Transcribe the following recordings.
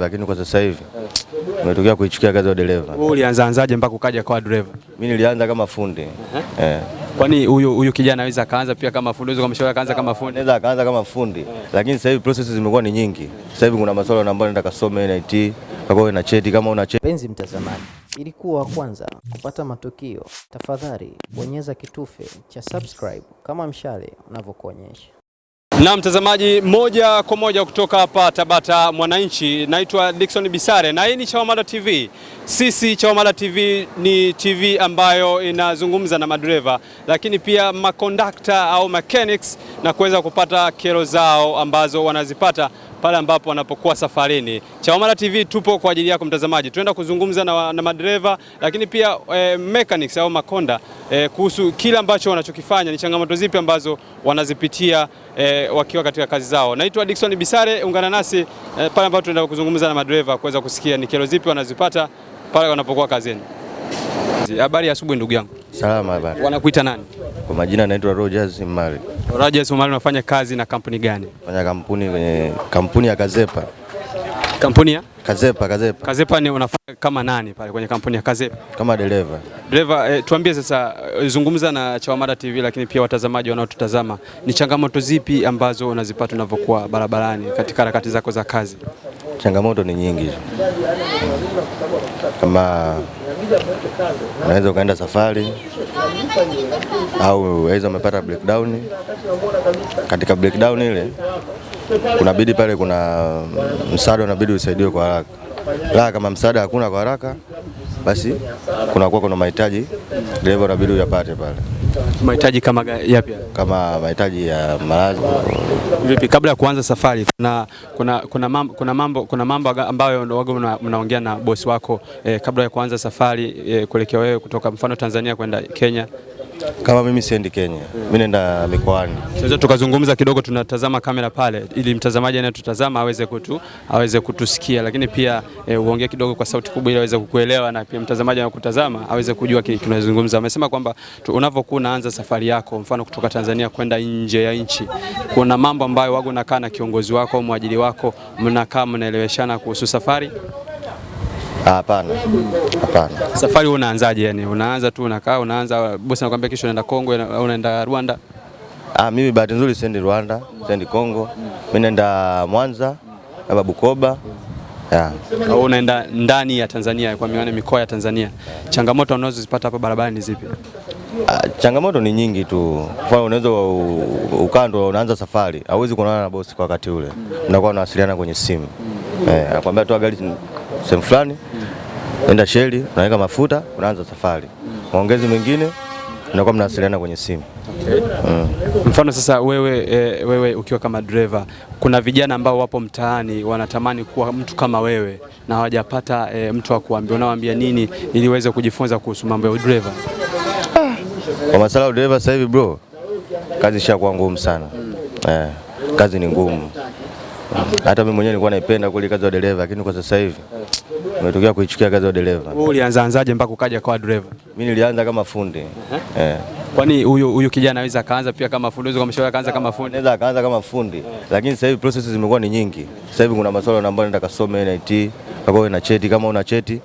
lakini kwa sasa hivi umetokea kuichukia kazi ya dereva. Wewe ulianza anzaje mpaka ukaja kwa dereva? Mimi nilianza kama fundi. Uh-huh. Eh. Kwani huyu huyu kijana anaweza kaanza pia kama fundi, Unaweza kumshauri kaanza kama fundi. Anaweza kaanza kama fundi. Eh. Lakini sasa hivi process zimekuwa ni nyingi. Sasa hivi kuna masuala ambayo nataka some NIT, kwa na cheti kama una cheti. Penzi mtazamaji, ilikuwa kwanza kupata matukio, tafadhali bonyeza kitufe cha subscribe kama mshale unavyokuonyesha. Na mtazamaji, moja kwa moja kutoka hapa Tabata Mwananchi, naitwa Dickson Bisare na hii ni Chawamata TV. Sisi Chawamata TV ni TV ambayo inazungumza na madereva lakini pia makondakta au mechanics na kuweza kupata kero zao ambazo wanazipata pale ambapo wanapokuwa safarini. Chawamata TV tupo kwa ajili yako mtazamaji, tunaenda kuzungumza na, na madereva lakini pia e, mechanics au makonda e, kuhusu kile ambacho wanachokifanya, ni changamoto zipi ambazo wanazipitia e, wakiwa katika kazi zao. Naitwa Dickson Bisare, ungana nasi e, pale ambapo tunaenda kuzungumza na madereva kuweza kusikia ni kero zipi wanazipata pale wanapokuwa kazini. Habari ya asubuhi ndugu yangu. Salama. Habari. Wanakuita nani? Kwa majina naitwa Rogers Mari. Rajas Omary unafanya kazi na kampuni gani? Fanya kampuni kwenye kampuni ya Gazepa. Kampuni ya Kazepa, Kazepa. Kazepa ni unafanya kama nani pale kwenye kampuni ya Kazepa? Kama dereva. Dereva, eh, tuambie sasa, eh, zungumza na Chawamata TV lakini pia watazamaji wanaotutazama, ni changamoto zipi ambazo unazipata unavyokuwa barabarani katika harakati zako za kazi? Changamoto ni nyingi, kama unaweza ukaenda safari au waweza umepata breakdown. Katika breakdown ile kunabidi pale kuna msaada unabidi usaidiwe kwa haraka la kama msaada hakuna kwa haraka, basi kunakuwa kuna mahitaji dereva unabidi uyapate pale. Mahitaji kama yapi? Kama mahitaji ya malazi. Vipi, kabla ya kuanza safari, kuna, kuna, kuna, mambo, kuna, mambo, kuna mambo ambayo wago mnaongea na bosi wako eh, kabla ya kuanza safari eh, kuelekea wewe kutoka mfano Tanzania kwenda Kenya? Kama mimi siendi Kenya, mimi naenda mikoani. Sasa tukazungumza kidogo, tunatazama kamera pale, ili mtazamaji anayetutazama aweze kutu, aweze kutusikia, lakini pia e, uongee kidogo kwa sauti kubwa, ili aweze kukuelewa na pia mtazamaji anayokutazama aweze kujua kile tunazungumza. Amesema kwamba unavyokuwa unaanza safari yako, mfano kutoka Tanzania kwenda nje ya nchi, kuna mambo ambayo wago nakaa na kiongozi wako au mwajili wako, mnakaa mnaeleweshana kuhusu safari Ah, hapana, hapana. Safari unaanzaje? Yani unaanza tu unakaa, unaanza bosi anakuambia kesho unaenda Kongo au unaenda Rwanda? Ah, mimi bahati nzuri siendi Rwanda, siendi Kongo, mimi naenda Mwanza hapa Bukoba. Yeah. Au unaenda ndani ya Tanzania kwa miwani mikoa ya Tanzania, changamoto unazozipata hapa barabarani ni zipi? Ah, changamoto ni nyingi tu. Kwa unaweza ukando unaanza safari, hauwezi kuonana na bosi kwa wakati ule, Unakuwa unawasiliana kwenye simu. Eh, anakuambia tu gari sehemu fulani, enda sheli, unaweka mafuta, unaanza safari. Maongezi mengine mnakuwa mnawasiliana kwenye simu. Okay. Eh. Mm. Mfano sasa wewe, e, wewe ukiwa kama driver, kuna vijana ambao wapo mtaani wanatamani kuwa mtu kama wewe na hawajapata e, mtu wa kuambia, unawaambia nini ili uweze kujifunza kuhusu mambo ya udriver? Kwa masala ya udriver sasa hivi bro, kazi ishakuwa ngumu sana. Mm. Eh, kazi ni ngumu hata mimi mwenyewe nilikuwa naipenda kule kazi ya dereva, lakini kwa sasa hivi umetokea kuichukia kazi ya dereva. Wewe ulianzaanzaje mpaka ukaja kwa dereva? Mimi nilianza kama fundi uh-huh. eh. Kwani huyu huyu kijana anaweza kaanza pia kama fundi, Kwa mshauri kaanza kama fundi? Anaweza kaanza kama fundi, lakini sasa hivi process zimekuwa ni nyingi. Sasa hivi kuna masuala ambayo nataka kasome NIT, uwe na cheti. Kama una cheti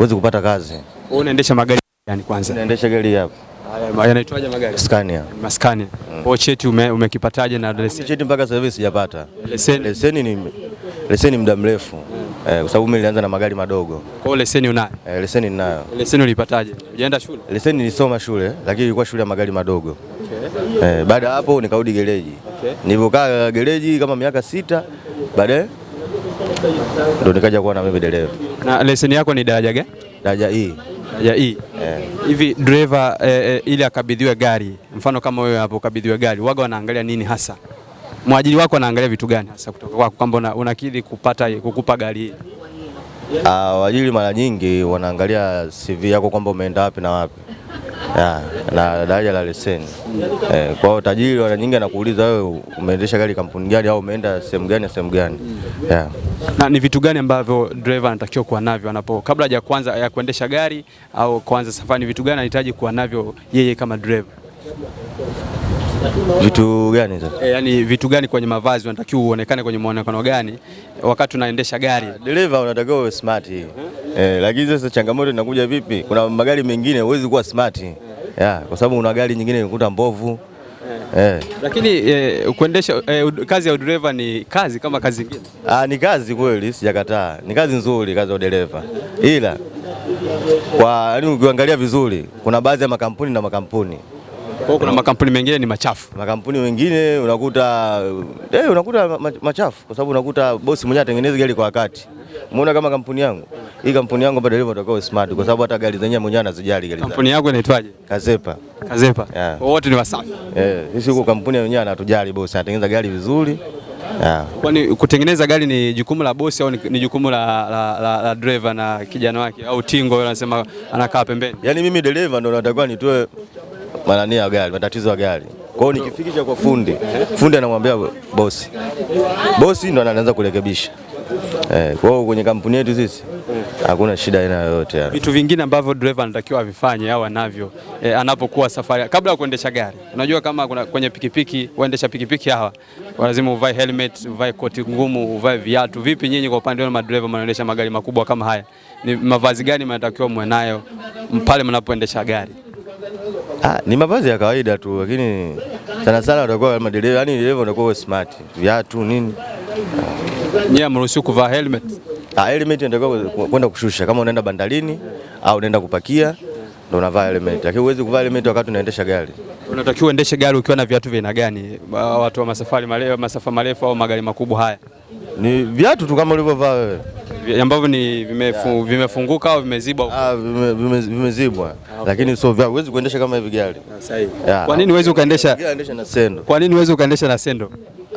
uweze kupata kazi. Wewe unaendesha magari gani kwanza? Naendesha gari hapa yanaitwaje magari? Scania. Scania. Mm. Cheti ume, umekipataje na leseni? Cheti mpaka sasa hivi sijapata. Leseni. Leseni ni leseni muda mrefu. Mm. Eh, kwa sababu mimi nilianza na magari madogo. Kwa hiyo leseni unayo? Eh, leseni ninayo. Leseni ulipataje? Ujaenda shule? Leseni nilisoma shule, lakini ilikuwa shule ya magari madogo. Okay. Eh, baada ya hapo nikarudi gereji. Okay. Nilivyokaa gereji kama miaka sita, baadaye ndo nikaja kuwa na mimi dereva. Na leseni yako ni daraja gani? Daraja hii. E ya hii hivi yeah. Dereva e, e, ili akabidhiwe gari, mfano kama wewe hapo ukabidhiwe gari, waga wanaangalia nini hasa? Mwajiri wako anaangalia vitu gani hasa kutoka kwako kwamba unakidhi kupata kukupa gari hii? Ah, wajiri mara nyingi wanaangalia CV yako kwamba umeenda wapi na wapi ya, ah, na daraja la leseni eh. Kwa utajiri tajiri mara nyingi anakuuliza wewe umeendesha gari kampuni gani au umeenda sehemu gani na sehemu gani yeah. Na ni vitu gani ambavyo driver anatakiwa kuwa navyo anapo kabla ya kwanza ya kuendesha gari au kuanza safari, ni vitu gani anahitaji kuwa navyo yeye kama driver? Vitu gani sasa? E, yani vitu gani kwenye mavazi unatakiwa uonekane kwenye muonekano gani wakati unaendesha gari? Ah, dereva unatakiwa uwe smart. Eh. eh, lakini sasa changamoto inakuja vipi? Kuna magari mengine huwezi kuwa smart. Yeah, kwa sababu una gari nyingine inakuta mbovu. Eh. eh. Lakini eh, kuendesha eh, kazi ya udereva ni kazi kama kazi nyingine. Ah, ni kazi kweli, sijakataa. Ni kazi nzuri kazi ya udereva. Ila kwa ukiangalia vizuri kuna baadhi ya makampuni na makampuni kwa kuna makampuni mengine ni machafu, makampuni mengine unakuta eh, unakuta machafu kwa sababu unakuta bosi mwenyewe atengeneza gari kwa wakati. Muona kama kampuni yangu hii, kampuni yangu bado ilivyo tokao smart, kwa sababu hata gari zenyewe mwenyewe anazijali gari. Kampuni yako inaitwaje? Kazepa. Kazepa, yeah. Wote ni wasafi eh, yeah. sisi huko kampuni yenyewe anatujali, bosi anatengeneza gari vizuri. Yeah. Kwani kutengeneza gari ni jukumu la bosi au ni ni jukumu la, la, la, la driver na kijana wake au tingo anasema anakaa pembeni? Yaani mimi dereva ndo natakiwa nitoe manani ya gari, matatizo ya gari. Kwa hiyo nikifikisha kwa fundi, fundi anamwambia bosi, bosi ndo anaanza kurekebisha. Eh, kwa hiyo kwenye kampuni yetu sisi hakuna shida aina yoyote. Vitu vingine ambavyo driver anatakiwa avifanye au anavyo eh, anapokuwa safari kabla ya kuendesha gari, unajua kama kuna kwenye pikipiki, waendesha pikipiki hawa lazima uvae helmet, uvae koti ngumu, uvae viatu. Vipi nyinyi kwa upande wenu madereva mnaendesha magari makubwa kama haya, ni mavazi gani mnatakiwa muwe nayo pale mnapoendesha gari? Ah, ni mavazi ya kawaida tu, lakini sana sana watakuwa madereva, yani dereva watakuwa smart, viatu nini. Nyie amruhusiwi kuvaa helmet? Ah, helmet inatakiwa kwenda kushusha kama unaenda bandarini au unaenda kupakia ndio unavaa helmet, lakini huwezi kuvaa helmet wakati unaendesha gari. Unatakiwa uendeshe gari ukiwa na viatu vya aina gani? Watu wa masafa marefu au magari makubwa haya, ni viatu tu kama ulivyovaa wewe ambavyo ni vimefunguka au vimezibwa? Ah, vime, vimezibwa okay. Lakini vya huwezi kuendesha kama hivi gari. Ah, Sahihi. Kwa nini huwezi ukaendesha? na sendo. Kwa nini huwezi ukaendesha na sendo?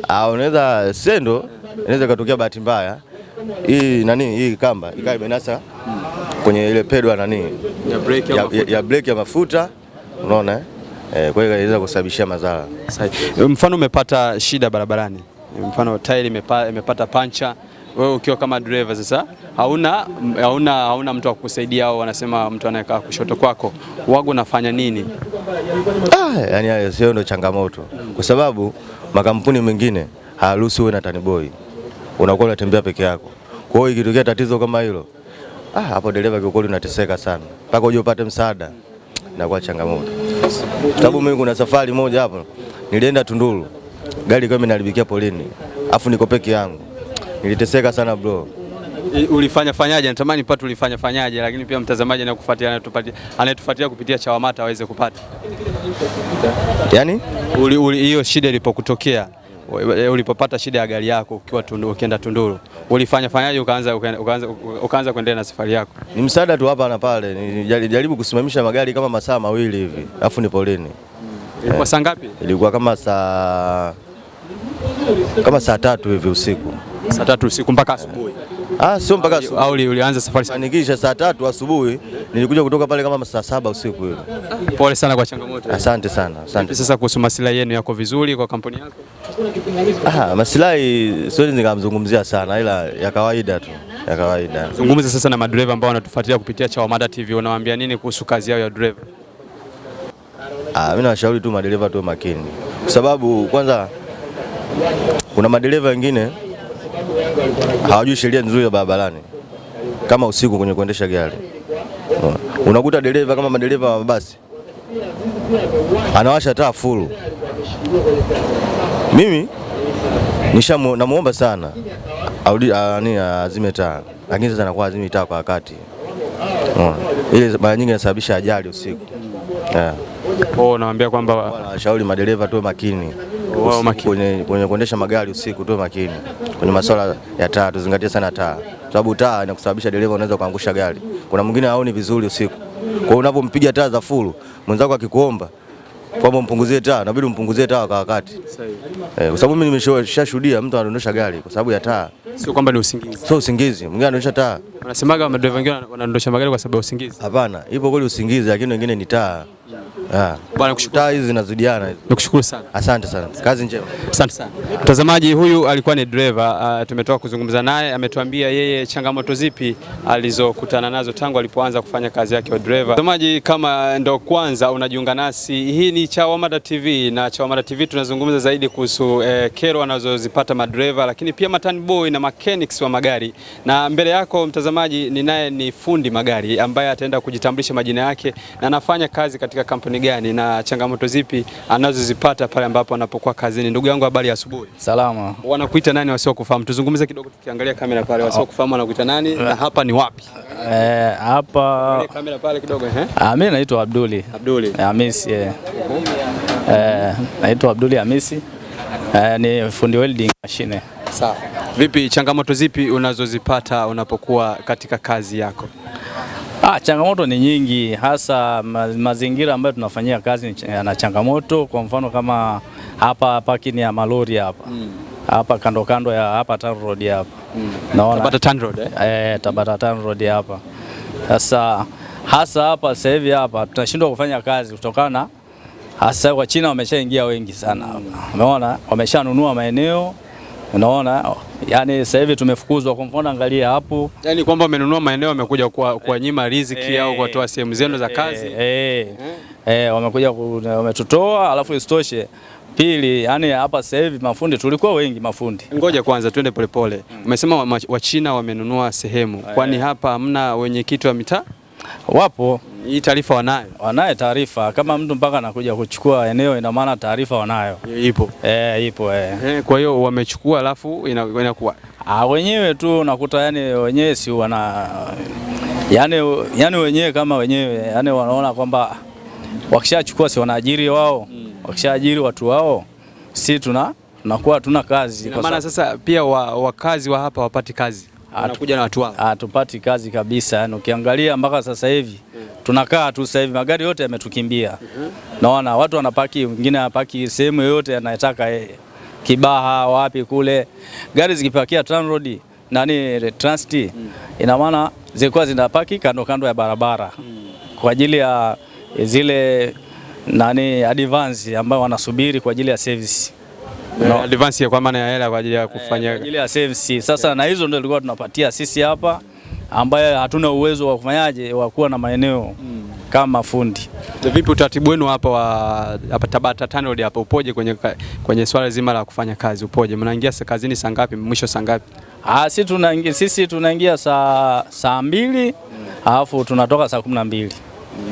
Ah, unaweza sendo inaweza ikatokea bahati mbaya hii nani hii kamba ikawa imenasa hmm. kwenye ile pedwa nani ya breki ya, ya, ya, breki ya mafuta unaona eh, kwa hiyo inaweza kusababishia madhara. Mfano umepata shida barabarani, mfano tairi imepata pancha wewe ukiwa kama driver sasa hauna, hauna, hauna mtu wa kukusaidia au wanasema mtu anayekaa kushoto kwako, wago unafanya nini? Ah, yani hayo sio ndo changamoto, kwa sababu makampuni mengine haruhusu wewe na taniboi, unakuwa unatembea peke yako. Kwa hiyo ikitokea tatizo kama hilo, ah, hapo dereva kiukweli unateseka sana, mpaka uje upate msaada, inakuwa changamoto. Sababu mimi kuna safari moja hapo nilienda Tunduru, gari kama inaharibikia polini, afu niko peke yangu niliteseka sana bro. Ulifanya fanyaje? Natamani pate ulifanya fanyaje, lakini pia mtazamaji anayetufuatilia anayetufuatia kupitia Chawamata aweze kupata yaani, hiyo shida ilipokutokea ulipopata shida ya gari yako ukiwa tundu, ukienda Tunduru ulifanya fanyaje? ukaanza, ukaanza, ukaanza kuendelea na safari yako? Ni msaada tu hapa na pale, nijaribu kusimamisha magari kama masaa mawili hivi, alafu ni poleni. Ilikuwa eh, saa ngapi? Ilikuwa kama saa kama saa tatu hivi usiku saa tatu usiku mpaka asubuhi? Ah, sio mpaka asubuhi. Au ulianza safari saa nikisha saa tatu asubuhi, nilikuja kutoka pale kama saa saba usiku hiyo. Pole sana kwa changamoto. Asante sana, asante. Sasa kuhusu masilahi yenu yako vizuri kwa kampuni yako? Ah, masilahi siwezi nikamzungumzia sana ila ya kawaida tu ya kawaida. Zungumza sasa na madereva ambao wanatufuatilia kupitia Chawamata TV, unawaambia nini kuhusu kazi yao ya driver? Ah, mimi nawashauri tu madereva tu makini, kwa sababu kwanza kuna madereva wengine hawajui sheria nzuri ya barabarani, kama usiku kwenye kuendesha gari unakuta dereva kama madereva wa mabasi anawasha taa fulu. Mimi nisha namuomba sana arudi ani ah, azime taa, lakini sasa anakuwa azime taa kwa wakati. ili mara nyingi inasababisha ajali usiku. Yeah. Oh, naambia kwamba wanashauri madereva tuwe makini kwenye kuendesha magari usiku, tu makini kwenye masuala ya taa, tuzingatie sana taa, sababu taa inakusababisha dereva, unaweza kuangusha gari. Kuna mwingine haoni vizuri usiku, kwa hiyo unapompiga taa za fulu mwenzako akikuomba kwamba mpunguzie taa, inabidi umpunguzie taa kwa wakati eh, kwa sababu mimi nimeshashuhudia mtu anadondosha gari kwa sababu ya taa. Sio kwamba ni usingizi, sio usingizi. Mwingine anadondosha taa, wanasemaga madereva wengine wanadondosha magari kwa sababu ya usingizi. Hapana, ipo kweli usingizi, lakini wengine ni taa. Yeah. taa hizi zinazidiana sana. Asante sana. Kazi njema. Asante sana. Mtazamaji huyu alikuwa ni dereva uh, tumetoka kuzungumza naye, ametuambia yeye changamoto zipi alizokutana nazo tangu alipoanza kufanya kazi yake ya dereva. Mtazamaji, kama ndo kwanza unajiunga nasi, hii ni Chawamata TV na Chawamata TV tunazungumza zaidi kuhusu eh, kero anazozipata madreva lakini pia matani boy na mechanics wa magari, na mbele yako mtazamaji, ninaye ni fundi magari ambaye ataenda kujitambulisha majina yake na anafanya kazi katika katika kampuni gani na changamoto zipi anazozipata pale ambapo anapokuwa kazini? Ndugu yangu, habari ya asubuhi. Salama. Wanakuita nani wasiokufahamu? Tuzungumze kidogo, tukiangalia kamera pale, oh. wasiokufahamu wanakuita nani na eh. hapa ni wapi? Eh, hapa kamera pale kidogo eh. Ah, mimi naitwa Abduli. Abduli. Eh, Hamisi eh. Eh, naitwa Abduli Hamisi. Eh, ni fundi welding machine. Sawa. Vipi, changamoto zipi unazozipata unapokuwa katika kazi yako? Ah, changamoto ni nyingi, hasa mazingira ambayo tunafanyia kazi yana changamoto. Kwa mfano kama hapa parking ya malori hapa mm. hapa kando kando ya hapa Tan Road hapa mm. naona Tabata Tan Road eh? eh Tabata Tan Road hapa sasa, hasa hapa sasa hivi hapa tunashindwa kufanya kazi kutokana hasa wa China wameshaingia wengi sana hapa, umeona wameshanunua maeneo Unaona, yaani sasa hivi tumefukuzwa. Kwa mfano, angalia hapo, yaani kwamba wamenunua maeneo, wamekuja kwa, eh. kwa nyima riziki hey, au eh. kuwatoa sehemu zenu za eh. kazi hey, hey. Hmm? Hey, wamekuja wametutoa, alafu isitoshe Pili, yani hapa sasa hivi mafundi tulikuwa wengi mafundi. Ngoja kwanza twende polepole. Hmm. Umesema Wachina wamenunua sehemu, kwani hapa hamna wenyekiti wa mitaa? Wapo. Hii taarifa wanayo, wanaye taarifa kama mtu mpaka anakuja kuchukua eneo, ina maana taarifa wanayo, ipo e, ipo e. E, kwa hiyo wamechukua, alafu inakuwa ah, wenyewe tu unakuta yani wenyewe si wana yani, yani wenyewe kama wenyewe yani wanaona kwamba wakishachukua si wanaajiri wao mm. wakishaajiri watu wao si tuna tunakuwa tuna kazi, maana sasa pia wakazi wa, wa hapa wapati kazi anakuja na watu wangu. hatupati kazi kabisa. Yani ukiangalia mpaka sasa hivi tunakaa tu, sasa hivi magari yote yametukimbia. Naona watu wanapaki, wengine anapaki sehemu yoyote anayetaka yeye, Kibaha wapi kule, gari zikipakia Tanroad nani Transit, ina maana zilikuwa zinapaki kando kando ya barabara kwa ajili ya zile nani advance ambayo wanasubiri kwa ajili ya service no. Advance kwa maana ya hela kwa ajili ya kufanya kwa ajili ya service. Sasa yeah. Na hizo ndio tulikuwa tunapatia sisi hapa ambaye hatuna uwezo wa kufanyaje wa kuwa na maeneo mm. kama fundi. Vipi utaratibu wenu hapa wa hapa Tabata TANROADS hapa upoje kwenye, kwenye swala zima la kufanya kazi upoje? Mnaingia kazini saa ngapi, mwisho saa ngapi? Ah, si tunaingia sisi tunaingia saa saa mbili hmm. alafu tunatoka saa kumi na mbili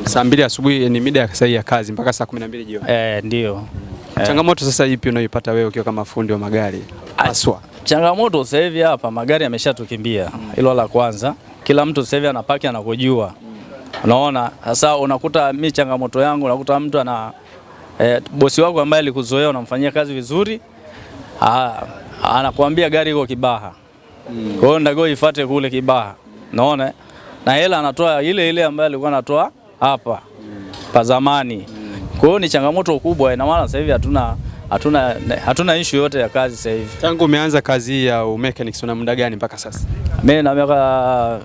saa mbili asubuhi ni mida ya saa ya kazi mpaka saa kumi na mbili jioni. Eh, ndio. Yeah. Changamoto sasa ipi unayoipata wewe ukiwa kama fundi wa magari ah, haswa? Changamoto sasa hivi hapa magari yameshatukimbia, hmm. hilo la kwanza. Kila mtu sasa hivi anapaki anakojua mm. Unaona sasa, unakuta mi changamoto yangu unakuta mtu ana eh, bosi wako ambaye alikuzoea unamfanyia kazi vizuri ah, anakuambia gari iko Kibaha mm. Kwa hiyo ndago ifuate kule Kibaha, unaona na hela anatoa ile ile ambayo alikuwa anatoa hapa mm. pa zamani mm. Kwa hiyo ni changamoto kubwa, na maana sasa hivi hatuna hatuna hatuna issue yote ya kazi sasa hivi. Tangu umeanza kazi ya mechanics una muda gani mpaka sasa? Mimi na miaka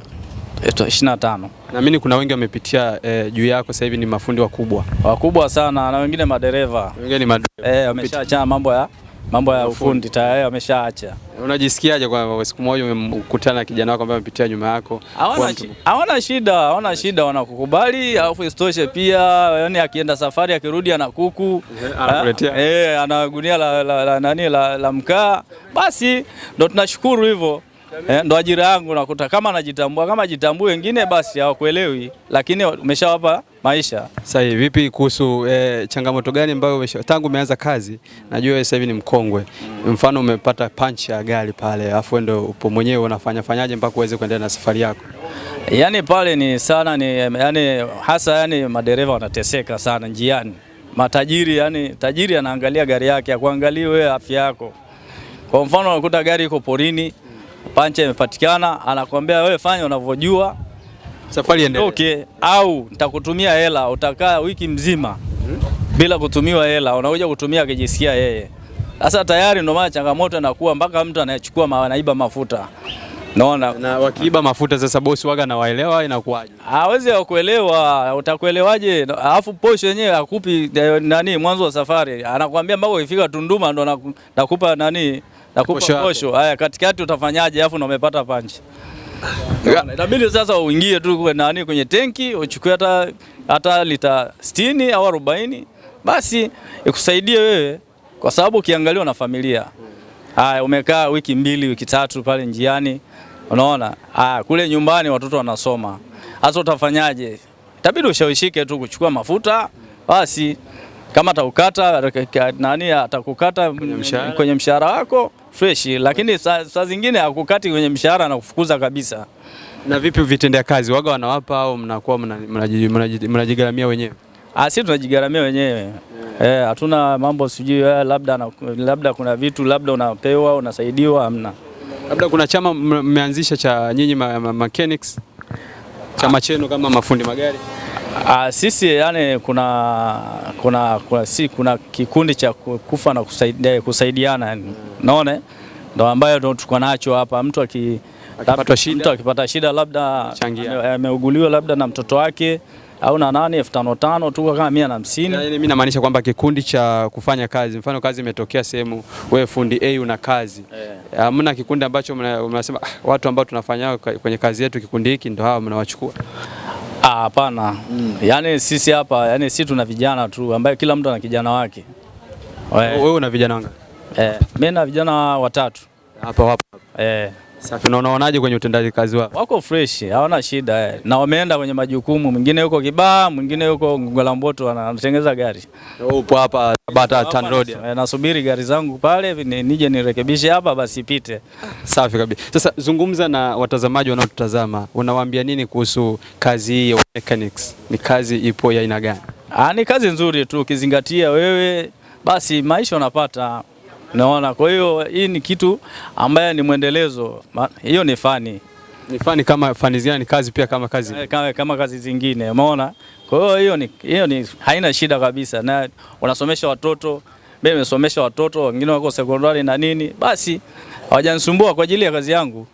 25. Eh, Naamini kuna wengi wamepitia eh, juu yako sasa hivi ni mafundi wakubwa wakubwa sana, na wengine madereva, wengine ni madereva eh, wameshaachana mambo ya mambo ya ufundi tayari, wameshaacha. Unajisikiaje kwa siku moja umekutana na kijana wako ambaye amepitia nyuma yako? Hawana shida, hawana shida, wanakukubali. Alafu isitoshe pia, yaani akienda safari akirudi ana kuku eh, anakuletea, eh, ana gunia la nani la mkaa, basi ndo tunashukuru hivyo. Eh, ndo ajira yangu nakuta kama najitambua, kama jitambue wengine basi hawakuelewi, lakini umeshawapa maisha. sahi. vipi kuhusu eh, changamoto gani ambayo tangu umeanza kazi? Najua sasa hivi ni mkongwe, mfano umepata punch ya gari pale, afu ndio upo mwenyewe unafanya fanyaje mpaka uweze kuendelea na safari yako? Yani pale ni sana ni yani, hasa yani madereva wanateseka sana njiani, matajiri yani, tajiri anaangalia gari yake, akuangalie wewe afya yako. Kwa mfano unakuta gari iko porini pancha imepatikana, anakuambia wewe fanya unavyojua, safari endelee. Okay, au nitakutumia hela, utakaa wiki mzima hmm, bila kutumiwa hela, unakuja kutumia akijisikia yeye. Sasa tayari ndio maana changamoto inakuwa mpaka mtu anayechukua anaiba mafuta Naona na wakiiba mafuta sasa, bosi waga na waelewa, inakuwaje? Hawezi kuelewa, utakuelewaje? Alafu posho yenyewe akupi eh, nani mwanzo wa safari, anakuambia mpaka ukifika Tunduma ndo nakupa nani nakupa posho. Haya, katikati utafanyaje? afu na umepata punch? Inabidi sasa uingie tu kwa nani kwenye tenki uchukue hata hata lita 60 au 40, basi ikusaidie wewe, kwa sababu ukiangaliwa na familia. Haya, umekaa wiki mbili wiki tatu pale njiani, unaona. Ah, kule nyumbani watoto wanasoma, hasa utafanyaje? Itabidi ushawishike tu kuchukua mafuta, basi kama atakukata nani atakukata kwenye mshahara wako fresh, lakini saa, sa zingine akukati kwenye mshahara na kufukuza kabisa. Na vipi vitendea kazi waga wanawapa au mnakuwa mnajigaramia wenyewe? Ah, sisi tunajigaramia wenyewe eh, hatuna yeah. mambo sijui eh, labda na, labda kuna vitu labda unapewa unasaidiwa, hamna. Labda kuna chama mmeanzisha cha nyinyi ma, ma, mechanics chama ah. chenu kama mafundi magari A, ah, sisi yani kuna, kuna, kuna, si, kuna kikundi cha kufa na kusaidia, kusaidiana naone ndo ambayo ndo tuko nacho hapa. Mtu akipata shida, akipata shida labda ameuguliwa labda na mtoto wake au na nani, elfu tano tano tuko kama mia na hamsini. Yaani, mimi namaanisha kwamba kikundi cha kufanya kazi, mfano kazi imetokea sehemu, wewe fundi A una kazi eh. hamna, yeah. Kikundi ambacho mnasema ah, watu ambao tunafanya kwenye kazi yetu, kikundi hiki ndo hawa mnawachukua Ah, hapana. Mm. Yaani sisi hapa, yaani sisi tuna vijana tu ambaye kila mtu ana kijana wake. Wewe una vijana wangapi? Eh, mimi na vijana watatu. Hapa hapa. Eh. Safi, na unaonaje kwenye utendaji kazi wako? Wako fresh, hawana shida eh. Na wameenda kwenye majukumu, mwingine yuko Kibaha, mwingine yuko Ngola Mboto anatengeza gari. Upo hapa Tabata Tan Road. Eh, nasubiri gari zangu pale nije nirekebishe hapa basi ipite. Safi kabisa. Sasa zungumza na watazamaji wanaotutazama, unawaambia nini kuhusu kazi hii ya mechanics? Ni kazi ipo ya aina gani? Ah, ni kazi nzuri tu ukizingatia wewe basi maisha unapata naona. Kwa hiyo hii ni kitu ambaye ni mwendelezo, hiyo ni fani ni fani kama fani zingine, ni kazi pia kama kazi, eh, kama, kama kazi zingine umeona. Kwa hiyo hiyo ni, hiyo ni haina shida kabisa, na unasomesha watoto. Mimi nimesomesha watoto wengine wako sekondari na nini, basi hawajanisumbua kwa ajili ya kazi yangu.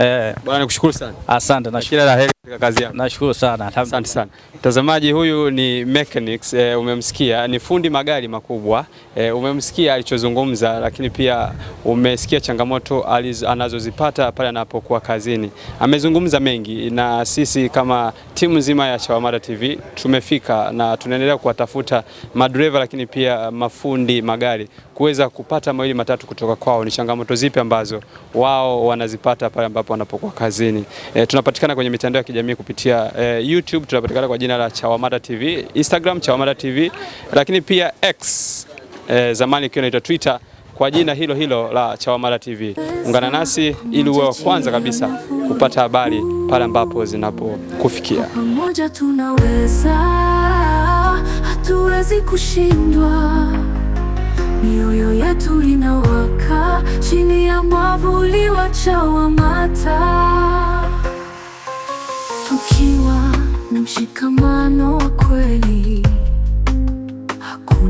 Eh. Bwana sana. Asante na la heri katika kazi yako. Nashukuru sana. Asante sana. Mtazamaji huyu ni mechanics, e, umemsikia ni fundi magari makubwa e, umemsikia alichozungumza, lakini pia umesikia changamoto aliz, anazozipata pale anapokuwa kazini. Amezungumza mengi na sisi kama timu nzima ya Chawamata TV tumefika na tunaendelea kuwatafuta madereva lakini pia mafundi magari kuweza kupata mawili matatu kutoka kwao, ni changamoto zipi ambazo wao wanazipata pale ambapo ambapo wanapokuwa kazini. E, tunapatikana kwenye mitandao ya kijamii kupitia e, YouTube tunapatikana kwa jina la Chawamata TV, Instagram Chawamata TV, lakini pia X e, zamani ikiwa inaitwa Twitter kwa jina hilo hilo la Chawamata TV. Ungana nasi ili uwe wa kwanza kabisa kupata habari pale ambapo zinapokufikia. Pamoja tunaweza, hatuwezi kushindwa mioyo yetu inawaka chini ya mwavuli wa CHAWAMATA, tukiwa na mshikamano wa kweli.